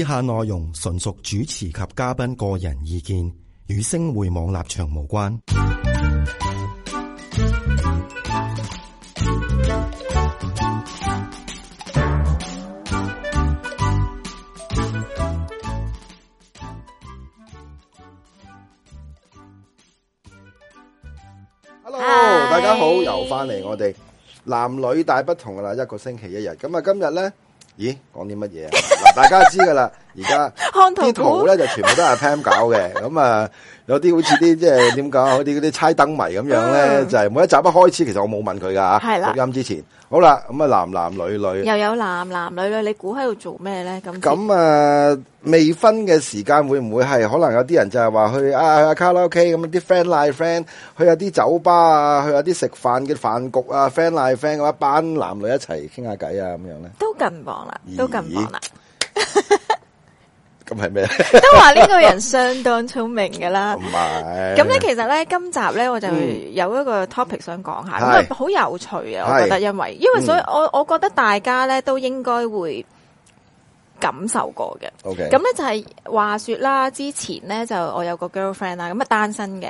以下內容純屬主持及嘉賓個人意見，與星匯網立場無關。Hello，、Hi. 大家好，又翻嚟我哋男女大不同噶啦，一個星期一日。咁啊，今日咧，咦，講啲乜嘢？ 大家知噶啦，而家啲圖咧就全部都係 Pam 搞嘅，咁 啊有啲好似啲即係點講啊，好似嗰啲猜燈謎咁樣咧，就係、是、 每一集一開始，其實我冇問佢噶吓，錄音之前好啦，咁啊男男女女又有男男女女，你估喺度做咩咧？咁咁啊未婚嘅時間會唔會係可能有啲人就係話去啊去卡拉 OK 咁啲 friend e、like、friend，去下啲酒吧啊，去下啲食飯嘅飯局啊，啊，friend e、like、friend 嗰、啊、班男女一齊傾下偈啊咁樣咧，都咁忙啦，都咁忙啦。咁係咩都話呢個人相當聰明噶啦，唔係。咁咧其實咧，今集咧我就有一個 topic 想講下，咁啊好有趣啊，我覺得因為因為所以，我我覺得大家咧都應該會感受過嘅。O K，咁咧就係話說啦，之前咧就我有個 girlfriend 啦，咁啊單身嘅。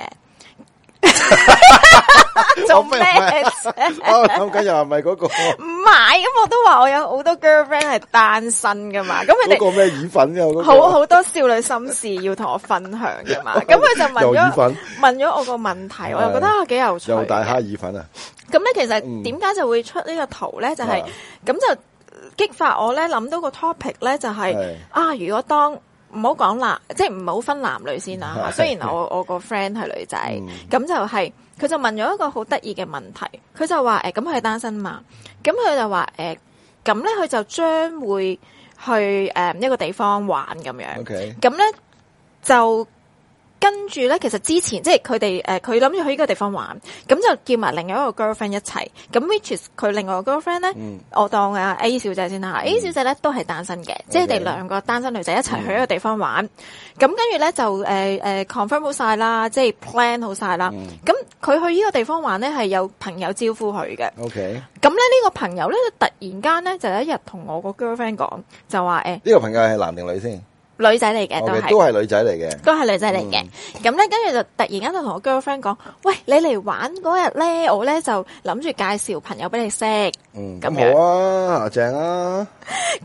做咩什麼？咁今日唔係嗰個，唔係咁我都話我有好多 girlfriend 係單身噶嘛，咁 你個咩意粉、那個、好好多少女心事要同我分享噶嘛，咁 佢就問咗，問咗我個問題，我又覺得啊幾有趣，又大蝦意粉啊！咁咧其實點解就會出呢個圖咧？就係、是、咁 就激發我咧諗到個 topic 咧、就是，就係啊如果當。唔好講男，即係唔好分男女先啦。雖然我我個 friend 係女仔，咁就係佢就問咗一個好得意嘅問題。佢就話，誒，咁佢係單身嘛，咁佢就話，誒，咁咧佢就將會去誒一個地方玩咁樣。咁咧就。跟住咧，其實之前即係佢哋誒，佢諗住去呢個地方玩，咁就叫埋另外一個 girlfriend 一齊。咁 which is 佢另外一個 girlfriend 咧，嗯，我當阿 A 小姐先啦，嗯。A 小姐咧都係單身嘅，嗯，即係哋兩個單身女仔一齊去一個地方玩。咁，嗯，跟住咧就誒誒 confirm 好晒啦，即係 plan 好晒啦。咁，嗯，佢去呢個地方玩咧係有朋友招呼佢嘅。OK，嗯。咁咧呢，這個朋友咧就突然間咧就有一日同我個 girlfriend 講，就話誒，呢、欸這個朋友係男定女先？女仔嚟嘅都係，都係女仔嚟嘅，都係女仔嚟嘅。咁、嗯、咧，跟住就突然間就同我 girlfriend 講，喂，你嚟玩嗰日咧，我咧就諗住介紹朋友俾你識。嗯，咁、嗯、好啊，啊，正啊。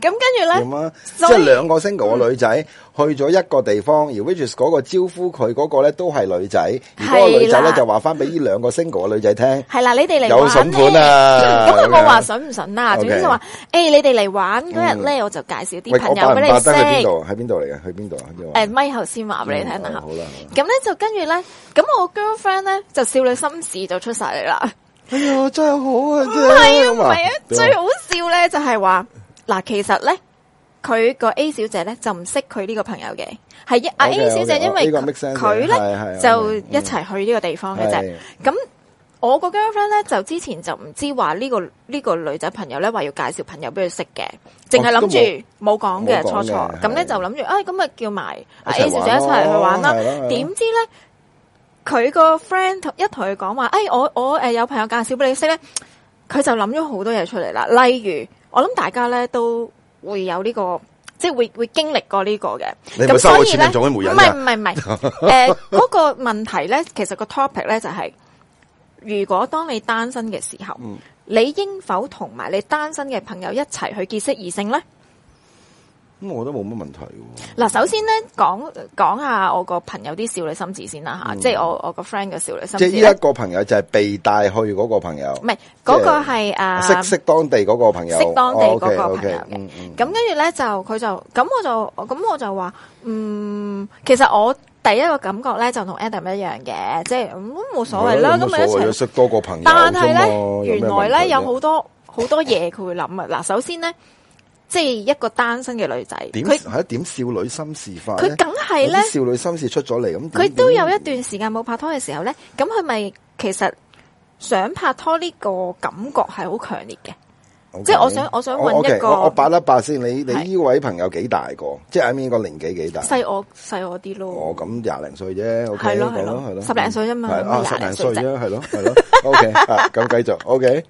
咁跟住咧，即係兩個 single 嘅女仔。嗯去咗一個地方，而 which is 嗰個招呼佢嗰個咧都係女仔，而個女仔咧就話翻俾呢兩個 single 嘅女仔聽。係啦，你哋嚟有筍盤啦。咁佢冇話筍唔筍啦，總之就話誒，你哋嚟玩嗰日咧，呢嗯、我就介紹啲朋友俾你識。我得邊度，喺邊度嚟嘅，去邊度啊？誒，咪頭先話俾你聽啦。咁、嗯、咧就跟住咧，咁我 girlfriend 咧就少女心事就出晒嚟啦。哎呀，真係好啊！係。係啊，唔係啊，最好笑咧就係話嗱，其實咧。佢個 A 小姐咧就唔識佢呢個朋友嘅，係阿 A 小姐，因為佢咧就一齊去呢個地方嘅啫。咁、okay, okay. oh, okay. oh, okay. mm. 我個 girlfriend 咧就之前就唔知話呢、呢個呢、呢個女仔朋友咧話要介紹朋友俾佢識嘅，淨係諗住冇講嘅，錯錯。咁咧就諗住，哎咁咪叫埋 A 小姐一齊去玩啦。點、啊哦、知咧佢個 friend 一同佢講話，哎我我誒有朋友介紹俾你識咧，佢就諗咗好多嘢出嚟啦。例如我諗大家咧都。會有呢個，即係會會經歷過呢個嘅。咁所以咧，唔係唔係唔係，誒，不不 呃嗰個問題咧，其實個 topic 咧就係，如果當你單身嘅時候，嗯、你應否同埋你單身嘅朋友一齊去結識異性咧？咁我都冇乜問題喎。嗱，首先咧，講講下我個朋友啲少女心事先啦吓、嗯，即係我我個 friend 嘅少女心事。即係依一個朋友就係被帶去嗰個朋友，唔係嗰個係誒、就是啊，識識當地嗰個朋友，識當地嗰個朋友嘅。咁跟住咧就佢就咁我就咁我就話，嗯，其實我第一個感覺咧就同 Adam 一樣嘅，即係、嗯、都冇所謂啦，咁咪一齊識多個朋友，但係咧原來咧有好多好多嘢佢會諗啊。嗱，首先咧。即係一個單身嘅女仔，點係一點少女心事化呢？佢梗係咧少女心事出咗嚟，咁佢都有一段時間冇拍拖嘅時候咧，咁佢咪其實想拍拖呢個感覺係好強烈嘅。Okay. 即係我想，我想問一個，oh, okay. 我八一八先，你你呢位朋友幾大個？即係 I mean 個年紀幾大？細我細我啲咯。哦，咁廿零歲啫，ok 咯係咯係咯，十零歲啫嘛，係啦十零歲啫，係咯係咯。OK，咁繼、嗯啊 啊、續。OK，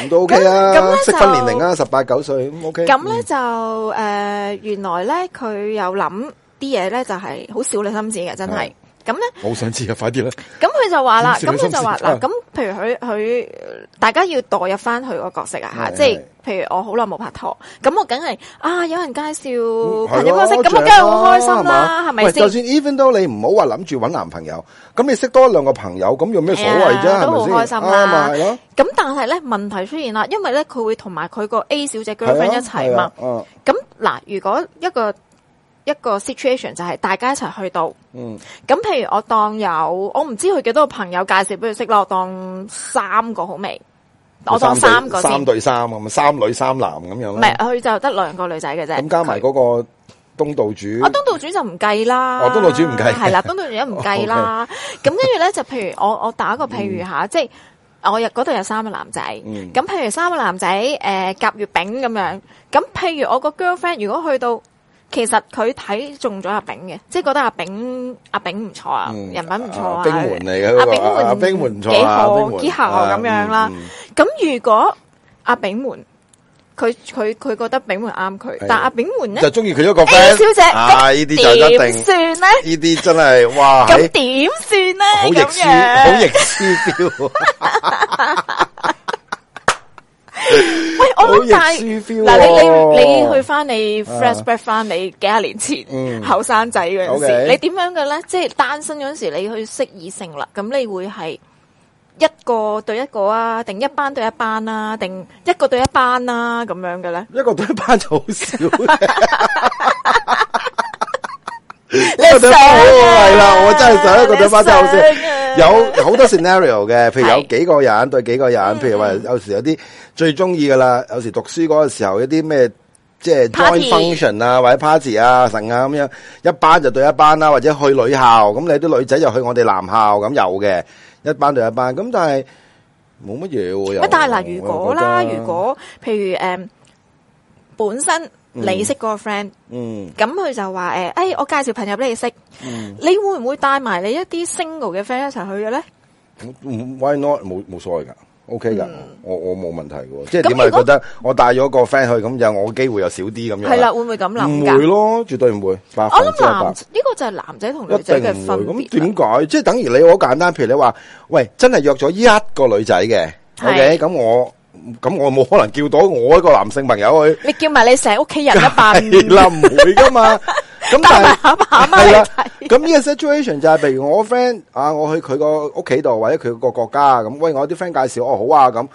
咁 都、啊、OK 啦，適婚年齡啦，十八九歲 OK。咁咧就誒，原來咧佢有諗啲嘢咧，就係好少女心字嘅，真係。咁咧，好想知啊！快啲啦！咁佢就話啦，咁佢就話嗱，咁、啊、譬如佢佢，大家要代入翻佢個角色啊吓，即係譬如我好耐冇拍拖，咁我梗係啊，有人介紹，朋友角色，咁、嗯、我梗係好開心啦，係咪先？就算 even 都你唔好話諗住搵男朋友，咁你，多你多識多兩個朋友，咁有咩所謂啫？都好開心啦，咁但係咧問題出現啦，因為咧佢會同埋佢個 A 小姐 girlfriend 一齊嘛，咁、啊、嗱，如果一個。一個 situation 就係大家一齊去到，咁譬如我當有我唔知佢幾多個朋友介紹俾佢識咯，當三個好未，我當三個先。三對三啊，咁三女三男咁樣。唔係，佢就得兩個女仔嘅啫。咁加埋嗰個東道主。我東道主就唔計啦。我東道主唔計。係啦，東道主唔計啦。咁跟住咧就譬如我我打個譬如嚇，即係我有嗰度有三個男仔，咁譬如三個男仔誒夾月餅咁樣，咁譬如我個 girlfriend 如果去到。其實佢睇中咗阿炳嘅，即係覺得阿炳阿炳唔錯啊，人品唔錯啊，炳門嚟嘅，阿炳門幾好，幾好咁樣啦。咁如果阿炳門，佢佢佢覺得炳門啱佢，但係阿炳門咧就中意佢一個 friend 小姐，咁點算咧？呢啲真係哇，咁點算咧？好易超，好易超標。我諗但係嗱，你你你,你去翻你 flash、啊、back 翻你幾廿年前後生仔嗰陣時候、okay，你點樣嘅咧？即、就、係、是、單身陣時候你去識異性啦，咁你會係一個對一個啊，定一班對一班啊，定一個對一班啊，咁樣嘅咧？一個對一班就好少。 呢個想班好係啦，我真係想一個對班想班真係好有好多 scenario 嘅， 譬如有幾個人對幾個人，譬如話有時有啲最中意噶啦，有時讀書嗰個時候有啲咩即係 join function 啊或者 party 啊神啊咁樣，一班就對一班啦，或者去女校咁，你啲女仔又去我哋男校咁有嘅，一班對一班咁，但係冇乜嘢又。咪但係嗱，如果啦，如果譬如誒、嗯、本身。你識嗰個 friend，咁佢就話誒，誒，我介紹朋友俾你識，你會唔會帶埋你一啲 single 嘅 friend 一齊去嘅咧？唔，why not？冇冇所謂噶，OK 噶，我我冇問題嘅，即係點解覺得我帶咗個 friend 去，咁就我機會又少啲咁樣？係啦，會唔會咁諗？唔會咯，絕對唔會。我諗男呢個就係男仔同女仔嘅分別。咁點解？即係等於你好簡單，譬如你話喂，真係約咗一個女仔嘅，OK，咁我。咁我冇可能叫到我一個男性朋友去，你叫埋你成屋企人一班，啦唔會噶嘛，咁但係阿爸阿媽嚟睇，咁呢個 situation 就係，譬如我 friend 啊，我去佢個屋企度，或者佢個國家咁，喂我啲 friend 介紹我好啊咁。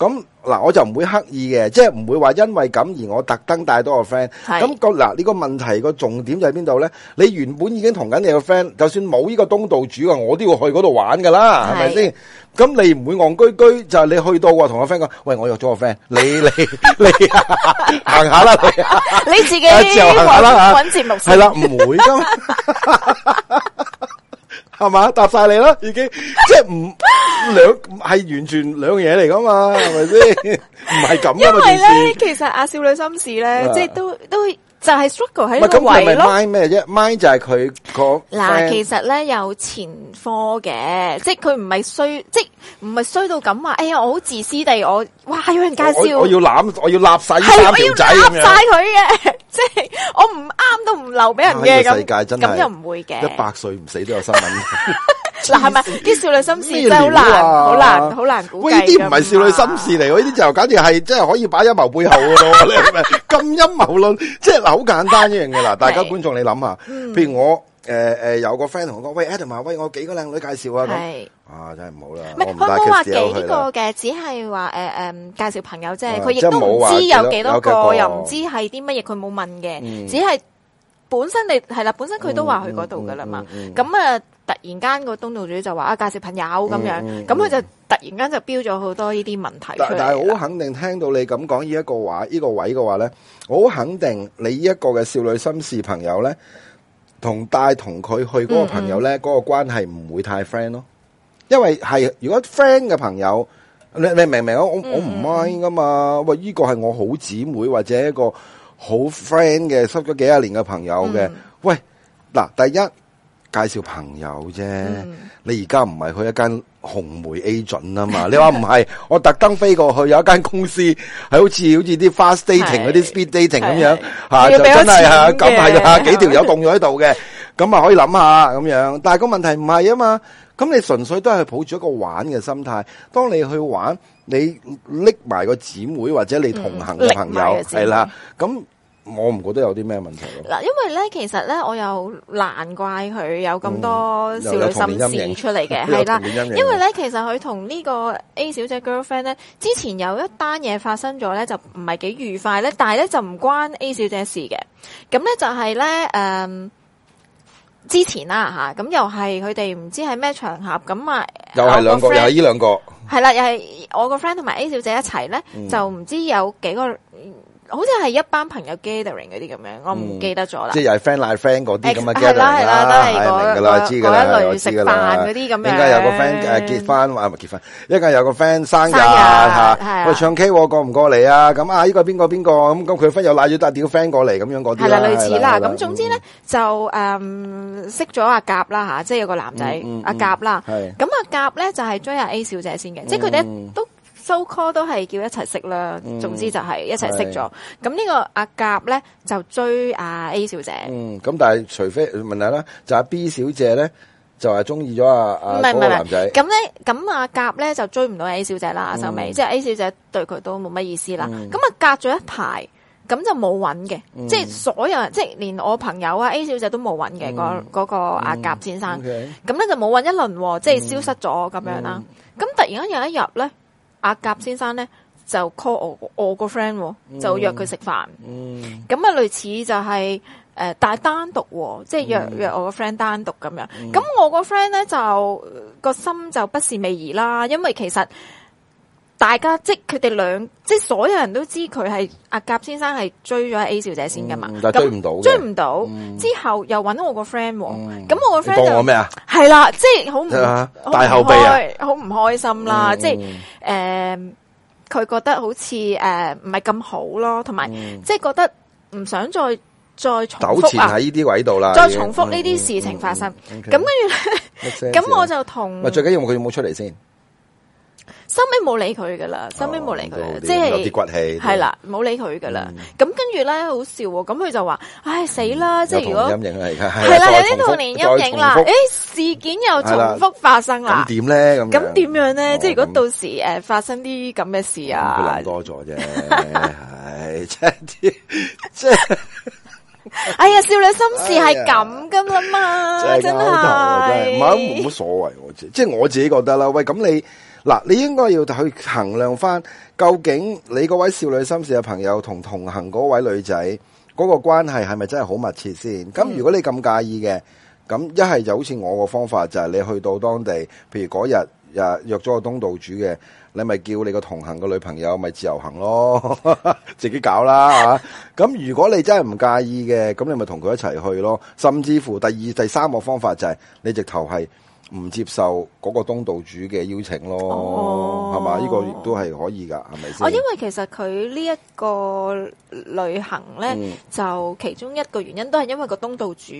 咁嗱，我就唔會刻意嘅，即係唔會話因為咁而我特登帶多個 friend。咁嗱，呢個問題個重點就喺邊度咧？你原本已經同緊你個 friend，就算冇呢個東道主啊，我都要去嗰度玩噶啦，係咪先？咁你唔會戇居居就係你去到話同個 friend 講，喂，我約咗個 friend，你你你行下啦，你自己行下啦吓，揾節目係啦，唔會咁。係嘛？答晒你啦，已經 即係唔兩係完全兩樣嘢嚟噶嘛？係咪先？唔係咁噶嘛？因為咧，其實阿少女心事咧，啊、即係都都。都就係 struggle 喺呢個位咯。咁佢咪 mine 咩啫 mine 就係佢個嗱，其實咧有前科嘅，即係佢唔係衰，即係唔係衰到咁啊！哎呀，我好自私地，我哇，有人介紹，我要攬，我要攬晒三條仔咁樣。係 我要攬晒佢嘅，即係我唔啱都唔留俾人嘅咁。這個、世界真係咁又唔會嘅，一百歲唔死都有新聞。 嗱，係咪啲少女心事真係好難，好、啊、難，好難，難估呢嘅。喂，啲唔係少女心事嚟，喎，呢啲就簡直係真係可以擺陰謀背後嘅咯。咁陰謀論，即係嗱，好 簡單一樣嘢啦。大家觀眾你諗下，譬如我誒誒、呃、有個 friend 同我講，喂 Adam 喂我幾個靚女介紹啊。係啊，真係唔好啦。係佢冇話幾個嘅，只係話誒誒介紹朋友，即係佢亦都唔知有幾多個，又唔知係啲乜嘢，佢冇問嘅、嗯，只係本身你係啦，本身佢都話去嗰度噶啦嘛。咁、嗯、啊。嗯嗯嗯突然間個東道主就話啊介紹朋友咁樣，咁、嗯、佢、嗯、就突然間就標咗好多呢啲問題，但係好肯定聽到你咁講呢一個話，呢、這個位嘅話呢，我好肯定你呢一個嘅少女心事朋友呢，同帶同佢去嗰個朋友呢，嗰、嗯嗯那個關係唔會太 friend 咯。因為係如果 friend 嘅朋友，你你明唔明啊？我我唔 mind 噶嘛、嗯。喂，呢個係我好姊妹或者一個好 friend 嘅，識咗幾廿年嘅朋友嘅、嗯。喂，嗱，第一。介紹朋友啫、嗯，你而家唔係去一間紅梅 Agent 啊嘛？你話唔係，我特登飛過去有一間公司，係好似好似啲 fast dating 嗰啲 speed dating 咁樣吓、啊，就真係吓咁係吓幾條友共用喺度嘅，咁 啊可以諗下咁樣。但係個問題唔係啊嘛？咁你純粹都係抱住一個玩嘅心態，當你去玩，你拎埋個姊妹或者你同行嘅朋友係啦，咁、嗯。我唔覺得有啲咩問題咯。嗱，因為咧，其實咧，我又難怪佢有咁多少女心事出嚟嘅，係、嗯、啦。因為咧，其實佢同呢個 A 小姐 girlfriend 咧，之前有一單嘢發生咗咧，就唔係幾愉快咧。但係咧，就唔關 A 小姐事嘅。咁咧就係、是、咧，誒、嗯，之前啦、啊、吓，咁、啊、又係佢哋唔知係咩場合，咁啊，又係兩個，又係呢兩個，係啦，又係我個 friend 同埋 A 小姐一齊咧，就唔知有幾個。嗯好似係一班朋友 gathering 嗰啲咁樣，我唔記得咗啦。即係又係 friend 拉 friend 嗰啲咁嘅 gathering 啦。係啦係啦，都係嗰嗰一類食飯嗰啲咁。應該有個 friend 誒結婚或唔結婚？一個有個 friend 生日嚇，喂，唱 K 過唔過嚟啊？咁啊依個邊個邊個咁咁佢 friend 又拉咗多啲 friend 過嚟咁樣嗰啲。係啦，類似啦。咁總之咧就誒識咗阿甲啦嚇，即係有個男仔阿甲啦。係咁阿甲咧就係追阿 A 小姐先嘅，即係佢哋都。收、so、call 都係叫一齊識啦，總之就係一齊識咗。咁呢個阿甲咧就追阿 A 小姐，嗯，咁但係除非問題啦，就阿 B 小姐咧就係中意咗阿阿嗰個男仔。咁咧，咁阿甲咧就追唔到 A 小姐啦，收、嗯、尾即係 A 小姐對佢都冇乜意思啦。咁、嗯、啊，就隔咗一排，咁就冇揾，嘅，即係所有人，即係連我朋友啊 A 小姐都冇揾嘅。嗰、嗯、個、嗰個阿甲先生，咁、嗯、咧、okay, 就冇揾一輪、嗯，即係消失咗咁樣啦。咁、嗯、突然間有一日咧。阿甲先生咧就 call 我我個 friend，、哦、就約佢食飯。咁、嗯、啊、嗯、類似就係、是、誒，但、呃、係單獨、哦，即係約約、嗯、我個 friend 單獨咁樣。咁、嗯、我個 friend 咧就個心就不是味兒啦，因為其實。大家即係佢哋兩，即係所有人都知佢係阿甲先生係追咗 A 小姐先㗎嘛？但係追唔到，追唔到之後又搵我個 friend。咁我個 friend 幫我咩啊？係啦，即係好唔大後備，好唔開心啦。即係誒，佢覺得好似誒唔係咁好咯，同埋即係覺得唔想再再重複啊！喺呢啲位度啦，再重複呢啲事情發生。咁跟住，咁我就同最緊要佢有冇出嚟先。收尾冇理佢噶啦。收尾冇理佢，即係，有啲骨氣。係啦，冇理佢噶啦。咁跟住咧，好笑喎。咁佢就話：唉，死啦！即係如果陰影啊，而家係啦，有啲童年陰影啦。誒，事件又重複發生啦。咁點咧？咁咁點樣咧？即係如果到時誒發生啲咁嘅事啊？諗多咗啫，係即係啲即係。哎呀，少女心事係咁噶啦嘛，真係，唔係冇乜所謂。我即係我自己覺得啦。喂，咁你？嗱，你應該要去衡量翻，究竟你嗰位少女心事嘅朋友同同行嗰位女仔嗰個關係係咪真係好密切先？咁、嗯、如果你咁介意嘅，咁一係就好似我個方法就係你去到當地，譬如嗰日啊約咗個東道主嘅，你咪叫你個同行嘅女朋友咪自由行咯， 自己搞啦吓。咁如果你真係唔介意嘅，咁你咪同佢一齊去咯。甚至乎第二、第三個方法就係你直頭係。唔接受嗰個東道主嘅邀請咯，係、哦、嘛？呢、呢個亦都係可以噶，係咪先？哦，因為其實佢呢一個旅行咧、嗯，就其中一個原因都係因為個東道主、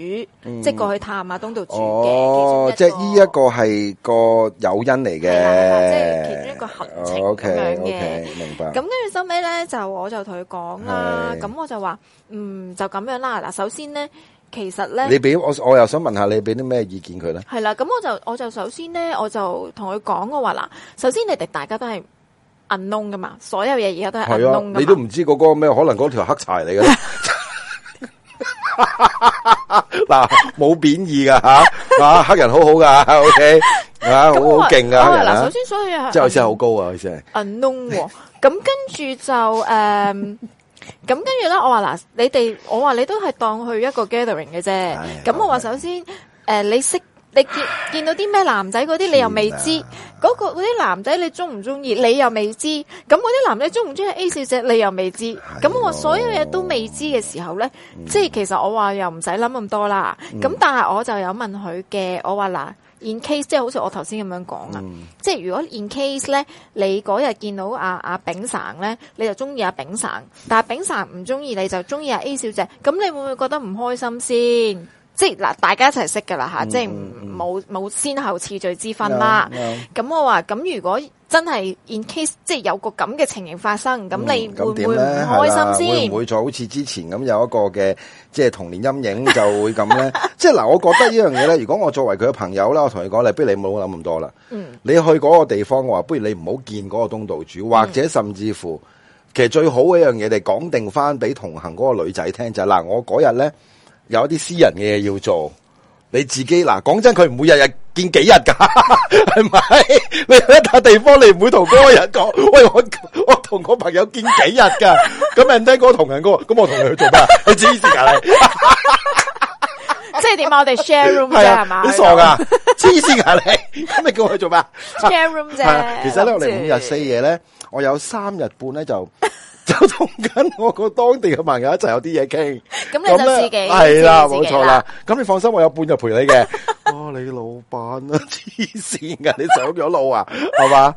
嗯、即係過去探下東道主嘅、哦，即係呢一個係個誘因嚟嘅、啊，即係其中一個行程咁樣嘅。哦、okay, okay, 明白。咁跟住收尾咧，就我就同佢講啦，咁我就話，嗯，就咁樣啦。嗱，首先咧。其實咧，你俾我我又想問下你俾啲咩意見佢咧？係啦，咁我就我就首先咧，我就同佢講我話啦。首先，你哋大家都係 unknown 噶嘛，所有嘢而家都係 unknown，你都唔知嗰個咩，可能嗰條黑柴嚟嘅。嗱，冇貶義噶吓，啊，黑人好好噶，OK 啊，好好勁噶。嗱，首先所以，即係聲好高啊，佢聲。unknown 咁跟住就誒。咁跟住咧，我話嗱，你哋我話你都係當去一個 gathering 嘅啫。咁我話首先，誒，你識你見見到啲咩男仔嗰啲，你又未知。嗰個嗰啲男仔你中唔中意，你又未知。咁嗰啲男仔中唔中意 A 小姐，你又未知。咁我所有嘢都未知嘅時候咧，即係其實我話又唔使諗咁多啦。咁但係我就有問佢嘅，我話嗱。in case 即係好似我頭先咁樣講啊、嗯，即係如果 in case 咧，你嗰日見到阿阿炳生咧，你就中意阿炳生，但係炳生唔中意你，就中意阿 A 小姐，咁你會唔會覺得唔開心先？即係嗱，大家一齊識㗎啦吓。即係冇冇先後次序之分啦。咁、no, no. 我話咁如果。真係 in case 即係有個咁嘅情形發生，咁你會唔會唔開心先？唔、嗯、會唔會再好似之前咁有一個嘅即係童年陰影，就會咁咧？ 即係嗱，我覺得呢樣嘢咧，如果我作為佢嘅朋友咧，我同你講，你不如你唔好諗咁多啦。嗯，你去嗰個地方，嘅話不如你唔好見嗰個東道主，或者甚至乎，其實最好嘅一樣嘢，你講定翻俾同行嗰個女仔聽就係、是、嗱，我嗰日咧有一啲私人嘅嘢要做，你自己嗱，講真，佢唔會日日。見幾日噶係咪？你去一笪地方你唔會同嗰個人講，喂，我我同我，我朋友見幾日噶？咁人哋哥同人哥，咁我同你去做咩？黐綫啊你！ 即係點啊？我哋 share room 啫係嘛？你傻噶、啊？黐綫啊你！咁 你叫我去做咩？share room 啫、啊啊。其實咧，我哋五日四夜咧， 我有三日半咧就。就同緊我個當地嘅朋友一齊有啲嘢傾，咁你就自己係啦， 冇錯啦。咁你放心，我有半日陪你嘅。 你老闆啊，黐線噶你走咗路啊，係 嘛？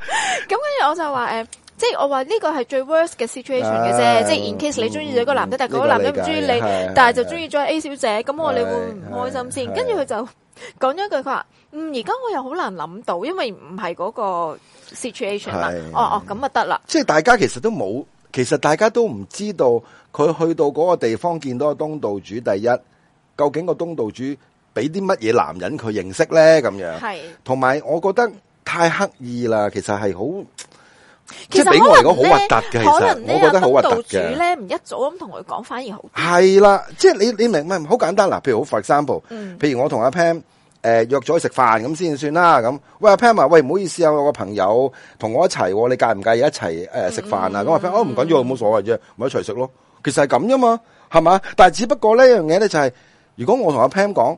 咁跟住我就話，誒、呃，即係我話呢個係最 worst 嘅 situation 嘅啫。即係 in case 你中意咗個男仔，嗯，但係個男仔唔中意你，這個、是但係就中意咗 A 小姐，咁我你會唔開心先？跟住佢就講咗一句，佢話，嗯，而家我又好難諗到，因為唔係嗰個 situation 哦哦，咁啊得啦。即係大家其實都冇。其實大家都唔知道佢去到嗰個地方見到個東道主第一，究竟個東道主俾啲乜嘢男人佢認識咧？咁樣，係，同埋我覺得太刻意啦。其實係好，即係俾我嚟講好核突嘅。其實，我，其實我覺得好核突。東道主咧唔一早咁同佢講，反而好係啦。即係你你明唔明？好簡單嗱，譬如好 for example，嗯、譬如我同阿 Pam 誒、呃，約咗去食飯咁先算啦，咁喂 Pam 嘛，喂唔、啊、好意思啊，我個朋友同我一齊、啊，你介唔介意一齊誒食飯啊？咁阿 Pam 哦唔緊要，冇、啊嗯啊啊、所謂啫、啊，咪、啊、一齊食咯。其實係咁啫嘛，係嘛？但係只不過呢樣嘢咧就係、是，如果我同阿 Pam 講，誒、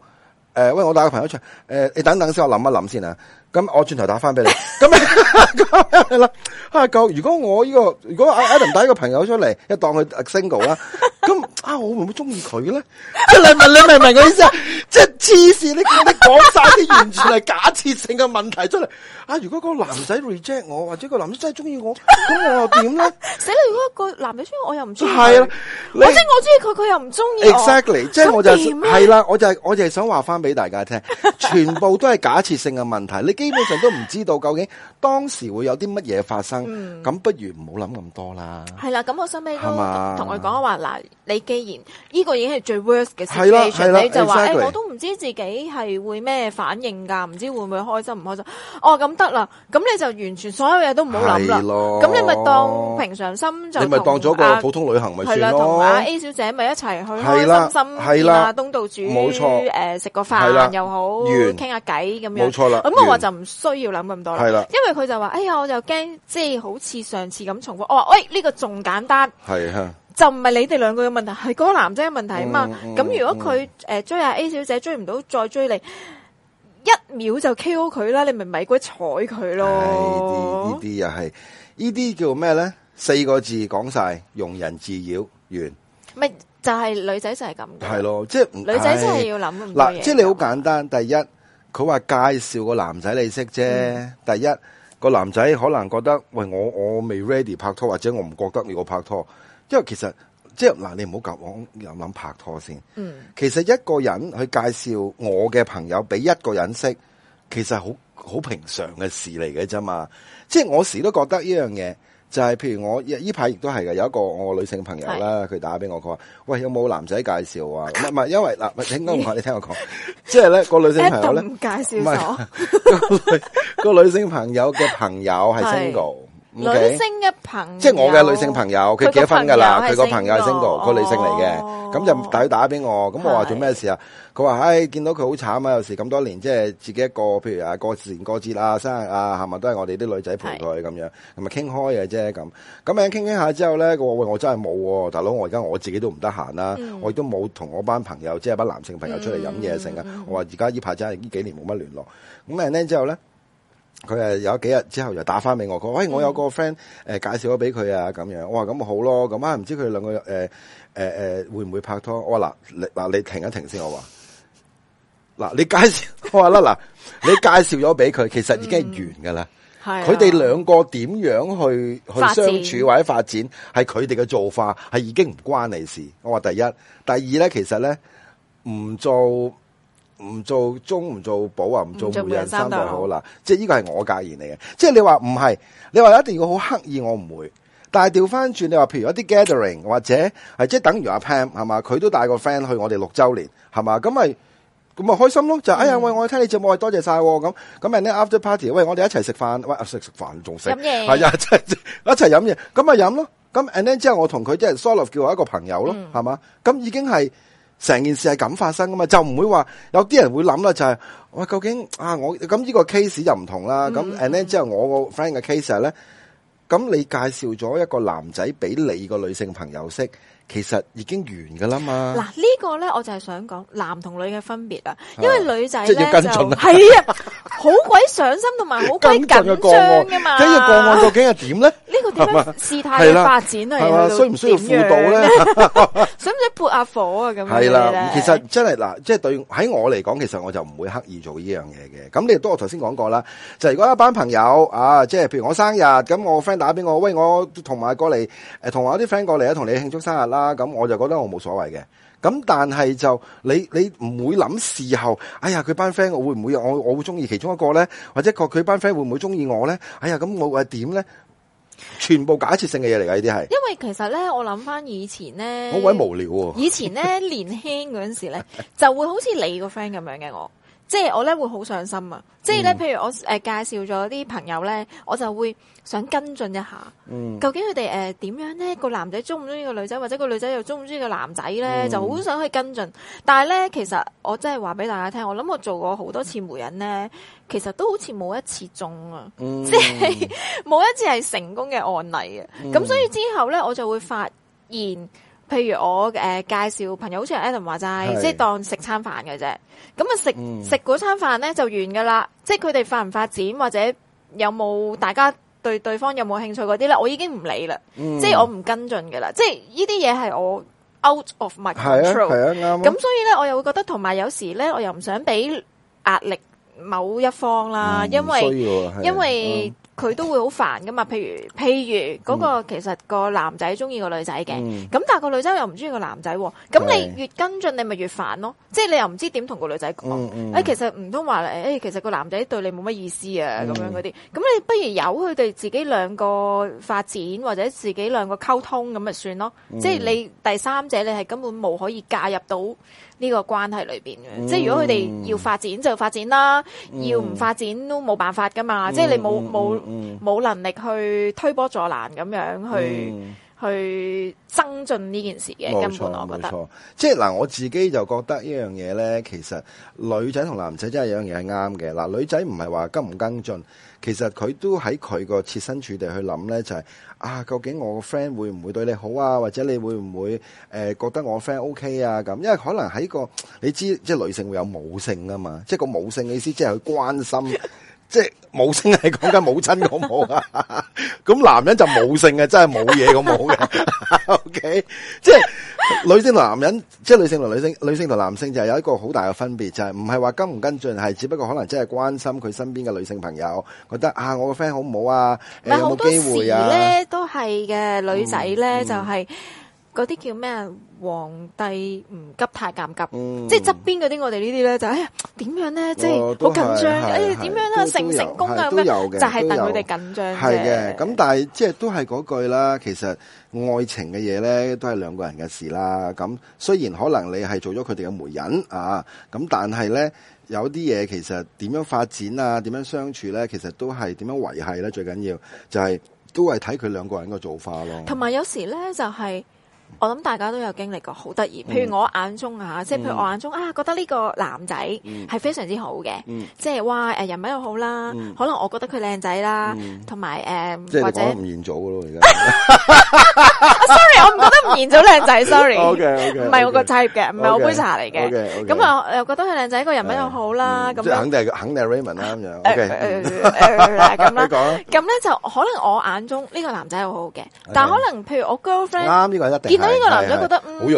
呃，喂，我帶個朋友出嚟，誒、呃，你等等先，我諗一諗先啊。咁我轉頭打翻俾你。咁啊夠。如果我呢、這個，如果 Adam 帶個朋友出嚟，一當佢 single 啦。咁啊，我會唔會中意佢咧？即係問你明唔明我意思啊？即係黐線，你你講晒啲完全係假設性嘅問題出嚟。啊，如果個男仔 reject 我，或者個男仔真係中意我，咁我又點咧？死啦！如果個男仔鍾意我，我又唔鍾意，係啊，或者我中意佢，佢又唔中意。Exactly，即係我就係啦、啊，我就係、是、我就係想話返俾大家聽，全部都係假設性嘅問題。你基本上都唔知道究竟當時會有啲乜嘢發生。咁、嗯、不如唔好諗咁多啦。係啦、啊，咁我想俾同佢講話嗱。你既然呢、呢個已經係最 worst 嘅 situation，你就話誒、exactly. 哎，我都唔知自己係會咩反應噶，唔知會唔會開心唔開心？哦，咁得啦，咁你就完全所有嘢都唔好諗啦。咁你咪當平常心，就咪當咗個普通旅行，同阿 A 小姐咪一齊去開開心心，東道主誒食個飯又好，傾下偈咁樣。冇錯啦。咁我話就唔需要諗咁多啦。因為佢就話，哎呀，我就驚，即係好似上次咁重複。哦，喂、哎，呢、呢個仲簡單。係就唔係你哋兩個嘅問題，係嗰個男仔嘅問題啊嘛。咁如果佢誒追下 A 小姐追唔到，再追你一秒就 K.O 佢啦。你咪咪鬼睬佢咯。呢啲呢啲又係呢啲叫咩咧？四個字講晒，庸人自擾完咪就係女仔就係咁係咯，即係女仔真係要諗咁多嘢。嗱即係你好簡單，第一佢話介紹個男仔你識啫。第一個男仔可能覺得喂我我未 ready 拍拖，或者我唔覺得你要拍拖。因為其實即係嗱、啊，你唔好急，我有諗拍拖先。嗯，其實一個人去介紹我嘅朋友俾一個人識，其實好好平常嘅事嚟嘅啫嘛。即係我時都覺得呢樣嘢，就係、是、譬如我依排亦都係嘅，有一個我女性朋友啦，佢打俾我，佢話：喂，有冇男仔介紹啊？唔 係，因為嗱，請講我，你聽我講，即係咧個女性朋友咧，Adam、介紹唔係 個，個女性朋友嘅朋友係 single。 Okay? 女性嘅朋友，即係我嘅女性朋友，佢結咗婚噶啦。佢個朋友係 single，個女性嚟嘅，咁、哦、就大打俾我，咁、哦、我話做咩事啊？佢話唉，見到佢好慘啊，有時咁多年即係自己一個，譬如啊過年過節啊，生日啊，係咪都係我哋啲女仔陪佢咁樣，係咪，傾開嘅啫咁。咁啊傾傾下之後咧，佢話喂我真係冇喎，大佬我而家我自己都唔得閒啦，嗯、我亦都冇同我班朋友即係班男性朋友出嚟飲嘢成啊。嗯嗯，我話而家呢排真係呢幾年冇乜聯絡。咁啊呢之後咧。佢誒，有幾日之後又打翻俾我，佢講，喂，我有個 friend 誒、嗯、呃、介紹咗俾佢啊咁樣，我話咁咪好咯，咁啊唔知佢兩個誒誒誒會唔會拍拖？我話嗱你嗱你停一停先，我話嗱你介紹， 我話啦嗱你介紹咗俾佢，其實已經係完噶啦，係佢哋兩個點樣去去相處或者發展，係佢哋嘅做法，係已經唔關你事。我話第一，第二咧，其實咧唔做。唔做中唔做保啊，唔做媒人生就好啦。即係呢個係我格言嚟嘅。即係你話唔係，你話一定要好刻意，我唔會。但係調翻轉，你話譬如一啲 gathering 或者係即係等於阿 Pam 係嘛，佢都帶個 friend 去我哋六周年係嘛，咁咪咁咪開心咯。就、嗯、哎呀喂，我去聽你節目、哎，多謝晒咁。咁人咧 after party，喂，我哋一齊食飯，喂，食食飯仲食，係啊，一齊一齊飲嘢，咁咪飲咯。咁 and then 之後我，我同佢即係 solo 叫我一個朋友咯，係、嗯、嘛。咁已經係。成件事係咁發生噶嘛，就唔會話有啲人會諗啦，就係、是、我究竟啊，我咁呢個 case，嗯、就唔同啦。咁 and 之後我個 friend 嘅 case 係咧，咁你介紹咗一個男仔俾你個女性朋友識，其實已經完噶啦嘛。嗱，這個、呢個咧，我就係想講男同女嘅分別啦，因為女仔咧、哦、就係、是、要跟進、 啊。好鬼上心同埋好鬼緊張噶嘛？跟住個案究竟係點咧？呢個點樣事態發展嚟？需唔需要輔導咧？想唔想撥下火啊？咁樣係啦，其實真係嗱，即係對喺我嚟講，其實我就唔會刻意做呢樣嘢嘅。咁你亦都我頭先講過啦，就係如果一班朋友啊，即係譬如我生日，咁我 friend 打俾我，喂，我同埋過嚟，誒，同我啲 friend 過嚟啊，同你慶祝生日啦，咁我就覺得我冇所謂嘅。咁但係就你你唔會諗事後，哎呀佢班 friend 我會唔會我我會中意其中一個咧？或者個佢班 friend 會唔會中意我咧？哎呀咁我會點咧？全部假設性嘅嘢嚟噶呢啲係，因為其實咧我諗翻以前咧好鬼無聊、啊，以前咧年輕嗰陣時咧 就會好似你個 friend 咁樣嘅我。即係我咧會好上心啊！即係咧，譬如我誒、呃、介紹咗啲朋友咧，我就會想跟進一下。嗯、究竟佢哋誒點樣咧？個男仔中唔中意個女仔，或者個女仔又中唔中意個男仔咧、嗯？就好想去跟進。但係咧，其實我真係話俾大家聽，我諗我做過好多次媒人咧，其實都好似冇一次中啊！嗯、即係冇一次係成功嘅案例啊！咁、嗯、所以之後咧，我就會發現。譬如我、呃、介紹朋友，好似阿 Adam 話齋，即係當食餐飯嘅啫，咁啊食食嗰餐飯咧就完噶啦，即係佢哋發唔發展或者有冇大家對對方有冇興趣嗰啲咧，我已經唔理啦、嗯，即係我唔跟進噶啦，即係呢啲嘢係我 out of my control 係啊啱。咁、啊啊、所以咧，我又會覺得同埋有，有時咧，我又唔想俾壓力某一方啦、嗯，因為、啊、因為。嗯佢都會好煩噶嘛？譬如譬如嗰個其實個男仔中意個女仔嘅，咁、嗯、但係個女仔又唔中意個男仔喎。咁、嗯、你越跟進，你咪越煩咯。即係你又唔知點同個女仔講、嗯嗯哎。其實唔通話誒，其實個男仔對你冇乜意思啊咁、嗯、樣嗰啲。咁你不如由佢哋自己兩個發展，或者自己兩個溝通咁咪算咯。嗯、即係你第三者，你係根本冇可以介入到。呢、這個關係裏面嘅，即係如果佢哋要發展就發展啦，嗯、要唔發展都冇辦法噶嘛。嗯、即係你冇冇冇能力去推波助瀾咁樣、嗯、去。去增進呢件事嘅，冇錯冇錯，即係嗱，我自己就覺得一呢樣嘢咧，其實女仔同男仔真係有樣嘢係啱嘅。嗱，女仔唔係話跟唔跟進，其實佢都喺佢個設身處地去諗咧，就係、是、啊，究竟我個 friend 會唔會對你好啊？或者你會唔會誒、呃、覺得我 friend OK 啊？咁因為可能喺個你知，即係女性會有母性噶嘛，即係個母性嘅意思，即係去關心。 即係母性係講緊母親個母啊，咁男人就母性嘅，真係冇嘢，個母嘅。O K，即係女性同男人，即係女性同女性，女性同男性就係有一個好大嘅分別，就係唔係話跟唔跟進，係只不過可能真係關心佢身邊嘅女性朋友，覺得啊，我個 friend 好唔好啊？有冇機會啊？好多時咧都係嘅，女仔咧就係。嗰啲叫咩？皇帝唔急太監急，嗯、即係側邊嗰啲。我哋呢啲咧就，哎，點樣咧？即係好緊張。哎，點樣啦？成成功啊有嘅，就係等佢哋緊張。係嘅，咁但係即係都係嗰句啦。其實愛情嘅嘢咧，都係兩個人嘅事啦。咁雖然可能你係做咗佢哋嘅媒人啊，咁但係咧有啲嘢其實點樣發展啊？點樣相處咧？其實都係點樣維繫咧？最緊要就係、是、都係睇佢兩個人嘅做法咯。同埋有，有時咧，就係、是。我諗大家都有經歷過，好得意，譬如我眼中啊，即係譬如我眼中啊，覺得呢個男仔係非常之好嘅，即係話誒，人品又好啦，可能我覺得佢靚仔啦，同埋誒，即係或者吳彥祖嘅咯，而家。sorry，我唔覺得吳彥祖靚仔，sorry，唔係我個 type 嘅，唔係我杯茶嚟嘅。咁啊，又覺得佢靚仔，個人品又好啦，咁，即係肯定肯定 Raymond 啦咁樣。咁咧，咁咧就可能我眼中呢個男仔係好好嘅，但係可能譬如我 girlfriend 啱呢個一定，所以呢個男仔覺得是是嗯不外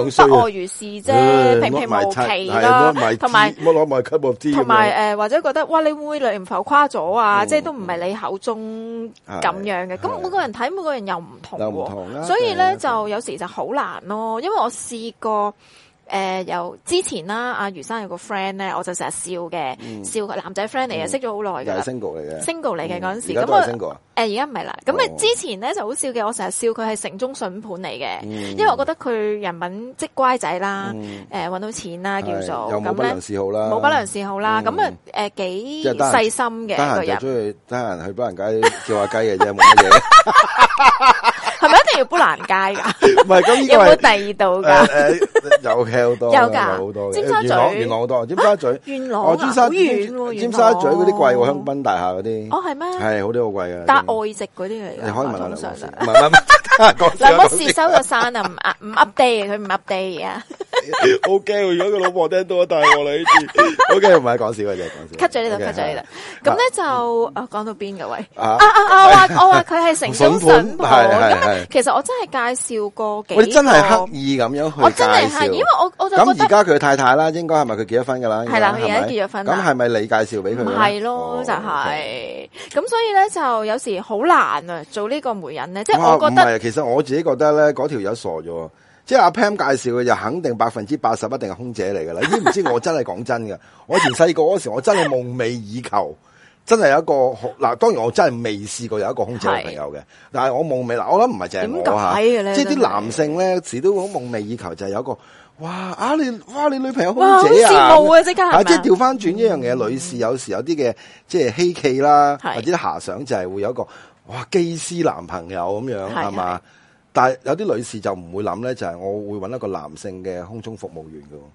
如是啫，嗯，平平無奇啦，同埋同埋誒，或者覺得哇，哇你會唔會浮誇咗啊，哦、即係都唔係你口中咁樣嘅，咁、嗯嗯、每個人睇每個人又唔同，啊又唔同啊，所以咧就有時就好難咯，啊，因為我試過。誒，有之前啦，阿余生有個 friend 咧，我就成日笑嘅，笑男仔 friend 嚟嘅，識咗好耐嘅。single 嚟嘅。single 嚟嘅嗰陣時，咁家誒，而家唔係啦，咁啊，之前咧就好笑嘅，我成日笑佢係城中筍盤嚟嘅，因為我覺得佢人品即乖仔啦，誒、嗯，搵、呃、到錢啦、嗯，叫做，咁冇不良嗜好啦，冇、嗯、不良嗜好啦，咁、嗯、啊，誒、呃，幾細心嘅，得閒我出去，得閒去幫人街，叫下雞嘅啫，冇 乜嘢件。 唔係一定要砵蘭街噶，唔係咁，有冇第二度噶？有好多，有噶，好多。尖沙咀、元朗好多。尖沙咀、元朗，好遠喎。尖沙咀嗰啲貴喎，香檳大廈嗰啲。哦，係咩？係好啲好貴啊！但外籍嗰啲嚟嘅，唔想食。嗱，我視收咗山啊，唔唔 update，佢唔 update 啊。O K，如果佢老婆聽到啊，大鑊啦呢啲。O K，唔係講笑嘅啫，講笑。cut 咗呢度，cut 咗呢度。咁咧就啊，講到邊噶喂？啊啊啊！我話我話佢係誠信咁其實我真係介紹過幾個你真係刻意噉樣去介紹，我真係刻意咁樣去我真係係，因為我我就覺得而家佢太太啦，應該係咪佢結咗婚噶啦？係啦，佢而家結咗婚。咁係咪你介紹俾佢？係咯，就係。咁所以咧，就有時好難啊，做呢個媒人咧，即係我覺得。其實我自己覺得咧，嗰條友傻咗。即係阿 Pam 介紹嘅就肯定百分之八十一定係空姐嚟噶啦，依啲唔知我真係講真嘅。 我以前細個嗰時，我真係夢寐以求，真係有一個好嗱。當然我真係未試過有一個空姐女朋友嘅，但係我夢寐嗱，我諗唔係淨係咁解嘅咧。即係啲男性咧，時都好夢寐以求就係、是、有一個哇啊你哇你女朋友空姐啊，好羨慕啊即刻。即係調翻轉一樣嘢，女士有時有啲嘅即係稀奇啦，或者遐想就係、是、會有一個哇機師男朋友咁樣係嘛？但係有啲女士就唔會諗咧，就係、是、我會搵一個男性嘅空中服務員嘅、哦，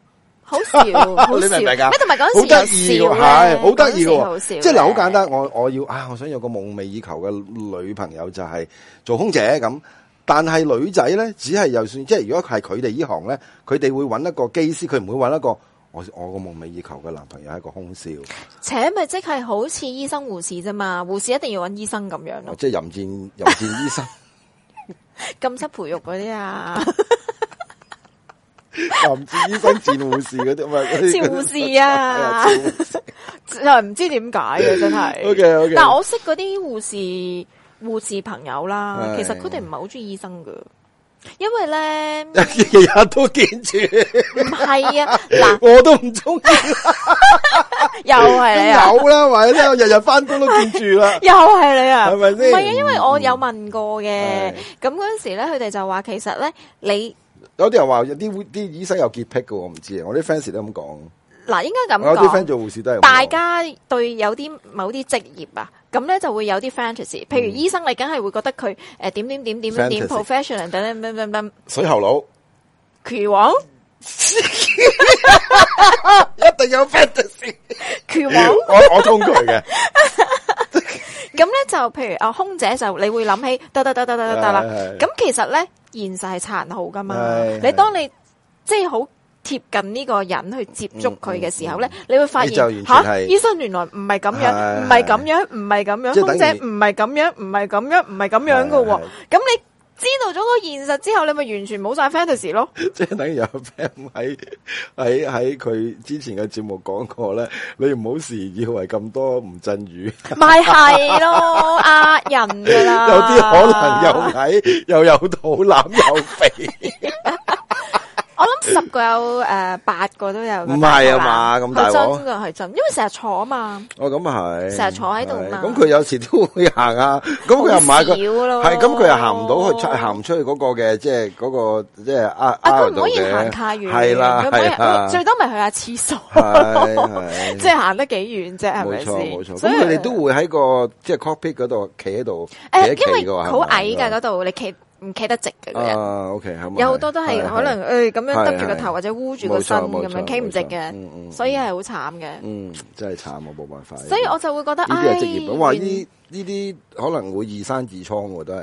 好笑，你明唔明同埋講笑時，笑時好得意喎，係，好得意喎，即係嗱，好簡單，我我要啊，我想有個夢寐以求嘅女朋友就係做空姐咁，但係女仔咧，只係又算，即係如果係佢哋呢行咧，佢哋會搵一個機師，佢唔會搵一個我我個夢寐以求嘅男朋友係一個空少，且咪即係好似醫生護士啫嘛，護士一定要搵醫生咁樣咯，即係任戰、任戰醫生。 禁室培育嗰啲啊，甚至醫生見護士嗰啲，咪 護護士啊 唔知點解啊，真係、 okay, okay。但係我識嗰啲護士護士朋友啦，其實佢哋唔係好中意醫生噶。因為咧，日日都見住，啊，唔係啊嗱，我都唔中意，又係你啊，有啦，或者我日日翻工都見住啦，又係你啊，係咪先？唔 係啊，啊，因為我有問過嘅。咁嗰陣時咧，佢哋就話其實咧，你有啲人話有啲護啲醫生有潔癖嘅，我唔知啊，我啲 fans 都咁講。嗱，應該咁，我啲 friend 做護士都係，大家對有啲某啲職業啊。咁咧就會有啲 fantasy，譬如醫生，你梗係會覺得佢誒點點點點點 professional 等等等等。水喉佬、拳王一定有 fantasy，拳王我我通佢嘅。咁咧就譬如啊空姐，就你會諗起得得得得得得啦。咁其實咧現實係殘酷㗎嘛，你當你即係好。貼近呢個人去接觸佢嘅時候咧，你會發現吓醫生原來唔係咁樣，唔係咁樣，唔係咁樣，空姐唔係咁樣，唔係咁樣，唔係咁樣嘅。咁你知道咗個現實之後，你咪完全冇晒 fantasy 咯。即係等於有喺喺喺佢之前嘅節目講過咧，你唔好時以為咁多吳鎮宇咪係咯呃人噶啦，有啲可能又矮又有肚腩又肥。我諗十個有誒八個都有，唔係啊嘛，咁大喎。係真，因為成日坐啊嘛。哦，咁啊係。成日坐喺度，咁佢有時都會行啊。咁佢又唔係佢係咁，佢又行唔到去行唔出去嗰個嘅，即係嗰個即係佢唔可以行太遠。係啦，最多咪去下廁所，即係行得幾遠啫，係咪先？冇錯冇錯，所以佢哋都會喺個即係 cockpit 嗰度企喺度。誒，因為好矮噶，嗰度，你企。唔企得直嘅嗰人，啊、okay，是是有好多都係可能，誒、欸、咁樣耷住個頭是是或者烏住個身咁樣企唔直嘅，嗯，所以係好慘嘅。嗯，慘嗯真係慘啊，冇辦法。所以我就會覺得，呢啲職業啊，話呢呢啲可能會易生痔瘡喎，都係。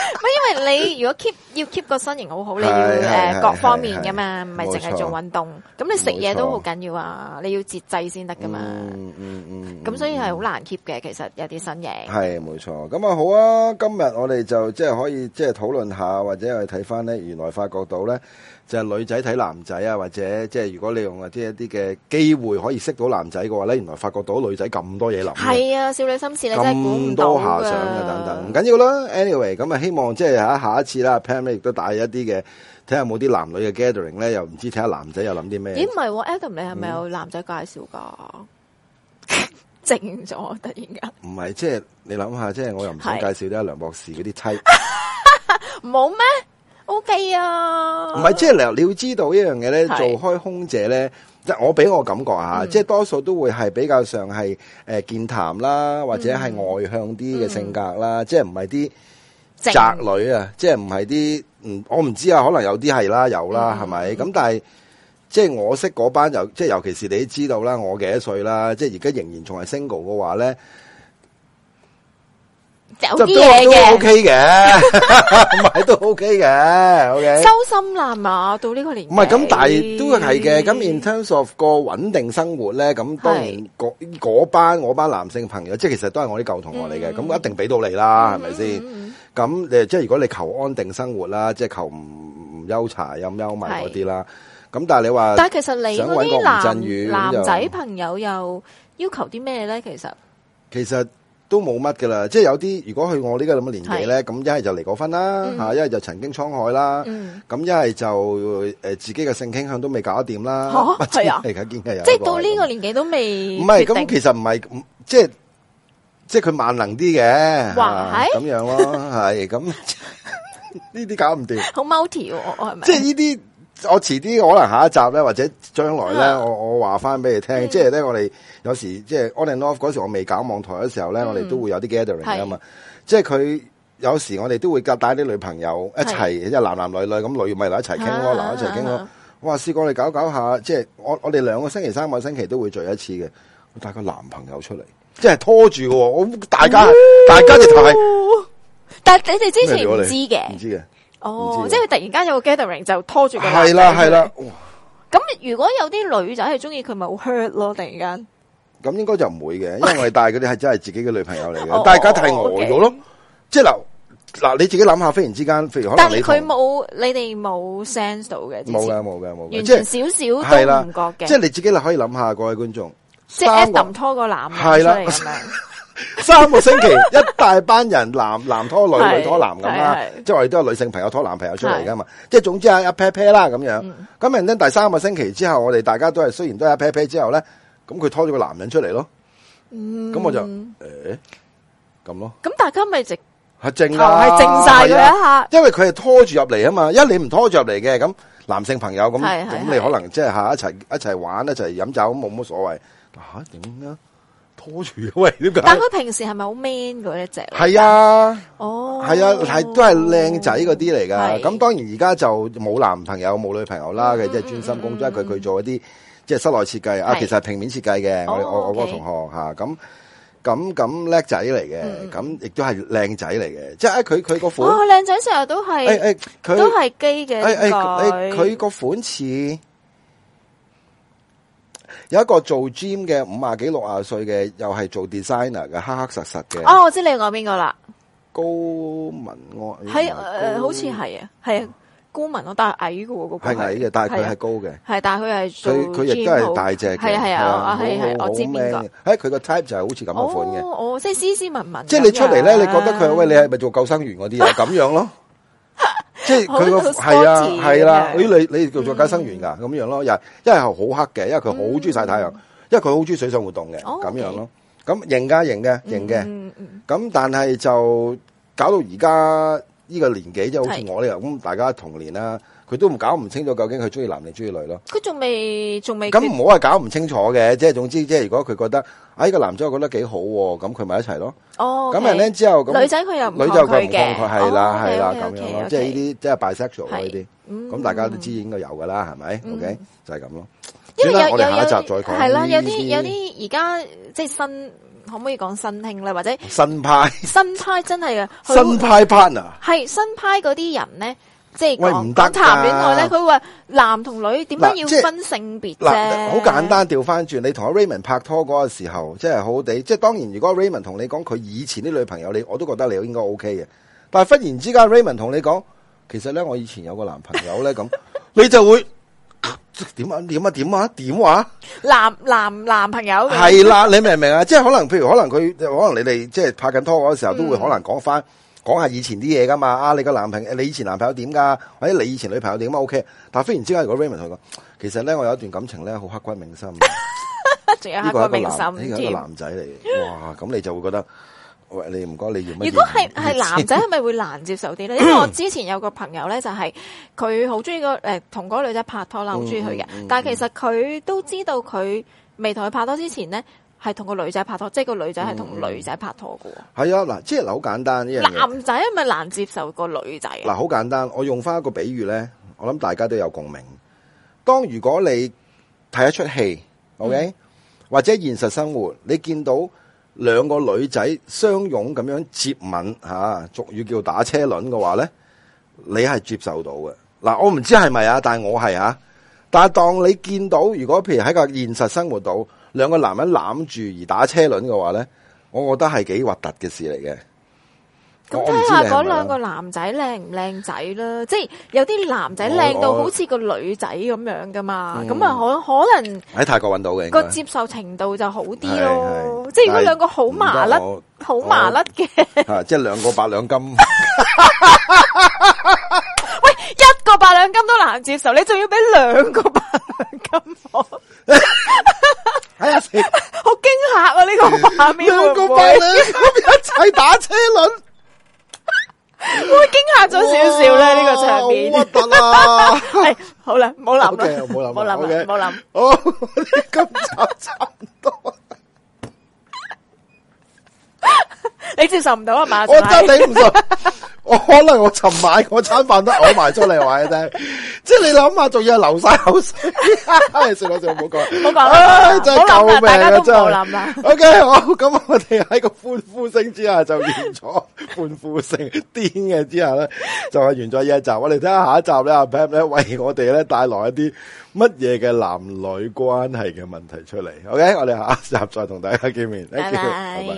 唔係，因為你如果 keep 要 keep 個身形好好，你要誒各方面㗎嘛，唔係淨係做運動。咁你食嘢都好緊要啊，你要節制先得㗎嘛。嗯嗯嗯。咁所以係好難 keep 嘅，其實有啲身形。係冇錯。咁啊好啊，今日我哋就即係可以即係討論下，或者係睇翻咧，原來發覺到咧就係女仔睇男仔啊，或者即係如果你用或者一啲嘅機會可以識到男仔嘅話咧，原來發覺到女仔咁多嘢諗。係啊，少女心事咧真係估唔到嘅。等等唔緊要啦，anyway 咁啊希。希望即係下一次啦。Panley 亦都帶一啲嘅，睇下冇啲男女嘅 gathering 咧。又唔知睇下男仔又諗啲咩？咦，唔係，啊、Adam，你係咪有男仔介紹㗎？嗯、 靜咗。突然間唔係，即、就、係、是、你諗下，即、就、係、是、我又唔想介紹啲阿梁博士嗰啲妻唔好咩？O K 啊，唔係即係你你要知道一樣嘢咧，做開空姐咧，即、就、係、是、我俾我感覺吓，即、嗯、係多數都會係比較上係誒健談啦，或者係外向啲嘅性格啦、嗯，即係唔係啲。宅女啊，即係唔係啲，嗯，我唔知啊，可能有啲係啦，有啦，係、嗯、咪？咁但係，即係我識嗰班，又即係尤其是你都知道啦，我幾多歲啦？即係而家仍然仲係 single 嘅話咧。走啲嘢嘅，唔係都 OK 嘅，OK。收心啦嘛，到呢個年紀唔係咁，但係都係嘅。咁 in terms of 個穩定生活咧，咁當然嗰嗰班我班男性朋友，即係其實都係我啲舊同學嚟嘅，咁一定俾到你啦，係咪先？咁誒，即係如果你求安定生活啦，即係求唔唔憂柴、憂米嗰啲啦。咁但係你話，但係其實你想搵個吳鎮宇男仔朋友又要求啲咩咧？其實，其實。都冇乜噶啦，即係有啲如果去我呢個咁嘅年紀咧，咁一係就離過婚啦，吓一係就曾經滄海啦，咁一係就誒自己嘅性傾向都未搞得掂啦，係啊，而家見嘅有。即係到呢個年紀都未。唔係，咁其實唔係，即係即係佢萬能啲嘅，咁、啊、樣咯，係咁呢啲搞唔掂，好 multi，、哦、係咪即係呢啲。我遲啲可能下一集咧，或者將來咧、uh -huh.，我、uh -huh. 呢我話翻俾你聽，即係咧，我哋有時即係 on and off 嗰時，我未搞網台嘅時候咧，uh -huh. 我哋都會有啲 gathering 啊嘛。Uh -huh. 即係佢有時我哋都會夾帶啲女朋友一齊，uh -huh. 即係男男女女咁，女咪攞一齊傾咯，男、uh -huh. 一齊傾咯。我、uh、話 -huh. 試過我哋搞搞下，即係我我哋兩個星期、三個星期都會聚一次嘅。我帶個男朋友出嚟，即係拖住喎。我大家、uh -huh. 大家就睇，uh -huh. 但係你哋之前唔知嘅，唔知嘅。哦、oh,，即係佢突然間有個 gathering 就拖住佢係啦係啦，咁如果有啲女仔係中意佢，咪好 hurt 咯，突然間。咁應該就唔會嘅，因為我哋帶嗰啲係真係自己嘅女朋友嚟嘅，oh, 大家太呆咗咯。Okay、即係嗱嗱，你自己諗下，忽然之間，譬如可能佢冇，你哋冇 sense 到嘅，冇嘅冇嘅，完全少少、就是、都唔覺嘅。即係你自己可以諗下各位觀眾，即係 Adam 拖個男嘅出嚟 三個星期，一大班人男男拖女，女拖男咁啦，即係我哋都有女性朋友拖男朋友出嚟噶嘛即係總之啊一啤啤啦咁樣。咁人咧，第三個星期之後，我哋大家都係雖然都係一啤啤之後咧，咁佢拖咗個男人出嚟咯。咁、嗯、我就誒咁、欸、咯。咁大家咪直係靜係靜晒咗一下。啊、因為佢係拖住入嚟啊嘛，一你唔拖住入嚟嘅，咁男性朋友咁，咁你可能即係吓一齊一齊玩一齊飲酒，冇乜所謂吓點拖住喂，點解？但佢平時係咪好 man 嗰一隻？係啊，哦，係啊，係都係靚仔嗰啲嚟噶。咁當然而家就冇男朋友冇女朋友啦，佢即係專心工作。佢、mm, 佢、mm, 做一啲即係室內設計啊，其實係平面設計嘅。我我我嗰個同學吓咁咁咁叻仔嚟嘅，咁亦都係靚仔嚟嘅。即係佢佢個款式，靚、oh, 仔成日都係誒誒，都係基嘅。誒、欸、誒，佢、欸欸、個款似。有一個做 gym 嘅五廿幾六廿歲嘅，又係做 designer 嘅，黑黑實實嘅。哦，我知你講邊個啦？高文安，係、呃，好似係啊，係高文安、那個，但係矮嘅喎，個係矮嘅，但係佢係高嘅，係，但係佢係佢佢亦都係大隻，係啊係啊，係係，我知邊個。誒，佢個 type 就係好似咁個款嘅，哦，即係斯斯文文，即係你出嚟咧、啊，你覺得佢，喂，你係咪做救生員嗰啲啊？咁樣咯。即係佢個係啊係啦、啊啊，你你叫做救生員㗎咁樣咯，又係因為係好黑嘅，因為佢好中意曬太陽，嗯、因為佢好中意水上活動嘅咁、哦、樣咯，咁型嘅型嘅型嘅，咁、嗯、但係就搞到而家呢個年紀、嗯、即係好似我呢個咁，大家同年啦、啊。佢都唔搞唔清楚究竟佢中意男定中意女咯？佢仲未，仲未咁唔好係搞唔清楚嘅，即係總之，即係如果佢覺得啊呢、這個男仔我覺得幾好喎，咁佢咪一齊咯。哦，咁人咧之後咁女仔佢又女仔佢唔拒佢係啦，係啦，咁樣咯，okay, okay, okay, okay, okay. 即係呢啲即係 bisexual 呢啲，咁、嗯、大家都知應該有噶啦，係、嗯、咪？OK，就係咁咯。因為我哋下一集再講。係啦，有啲有啲而家即係新，可唔可以講新興咧？或者新派新派真係啊，新派 partner 係新派嗰啲人咧。即係喂唔得啊！談戀愛咧，佢話男同女點解要分性別啫？啊，好、啊、簡單，調翻轉，你同阿 Raymond 拍拖嗰個時候，即係好好地。即係當然，如果 Raymond 同你講佢以前啲女朋友，你我都覺得你應該 OK 嘅。但係忽然之間，Raymond 同你講，其實咧我以前有個男朋友咧，咁 你就會點、呃、啊點啊點啊點話？男男男朋友係啦，你明唔明啊？即係可能，譬如可能佢，可能你哋即係拍緊拖嗰個時候，都會可能講翻。嗯講下以前啲嘢噶嘛？啊，你個男朋友，你以前男朋友點噶？或者你以前女朋友點咁 OK。OK，但係忽然之間，如果 Raymond 佢講，其實咧我有一段感情咧，好 刻骨銘心。仲有刻骨銘心。呢 個，個、這個、個男仔嚟嘅。哇！咁你就會覺得，喂，你唔該，你要乜嘢？如果係係男仔，係咪會難接受啲咧？ 因為我之前有個朋友咧、就是，就係佢好中意個誒同嗰女仔拍拖啦，好中意佢嘅。但係其實佢都知道，佢未同佢拍拖之前咧。係同個女仔拍拖，即係個女仔係同女仔拍拖嘅喎。係、嗯、啊，嗱，即係好簡單呢樣嘢。男仔係咪難接受個女仔？嗱，好簡單，我用翻一個比喻呢，我諗大家都有共鳴。當如果你睇一出戲、嗯、OK，或者現實生活，你見到兩個女仔相擁咁樣接吻，吓俗語叫打車輪嘅話呢，你係接受到嘅。嗱，我唔知係咪啊，但係我係啊。但係當你見到，如果譬如喺個現實生活度，兩個男人攬住而打車輪嘅話咧，我覺得係幾核突嘅事嚟嘅。咁睇下嗰兩個男仔靚唔靚仔啦，即係有啲男仔靚到好似個女仔咁樣噶嘛。咁啊可可能喺泰國揾到嘅個接受程度就好啲咯。是是是即係如果兩個好麻甩，好麻甩嘅 ，即係兩個八兩金。 喂，一個八兩金都難接受，你仲要俾兩個八兩金我？ 係、哎、啊，好驚嚇啊！呢個畫面會會，兩個八咧 一齊打車輪，我 會驚嚇咗少少咧呢、這個場面。好核突、啊 哎、好啦，冇諗啦，冇、okay, 諗，冇諗，冇諗。哦、okay,！咁、okay oh, 麼差 差唔多。你接受唔到啊嘛？我真係頂唔順， 我可能我尋晚我餐飯都嘔埋出嚟話你聽。即係、就是、你諗下，仲要流晒口水。食落、哎、就冇、是、講，冇講啊！真係救命啊！真係。O K，好，咁、okay, oh, 我哋喺個歡呼聲之下就完咗， 歡呼聲癲嘅之下咧就係完咗。呢一集，我哋睇下下一集咧，阿 Pat 咧為我哋咧帶來一啲乜嘢嘅男女關係嘅問題出嚟。O、okay? K，我哋下一集再同大家見面。拜拜。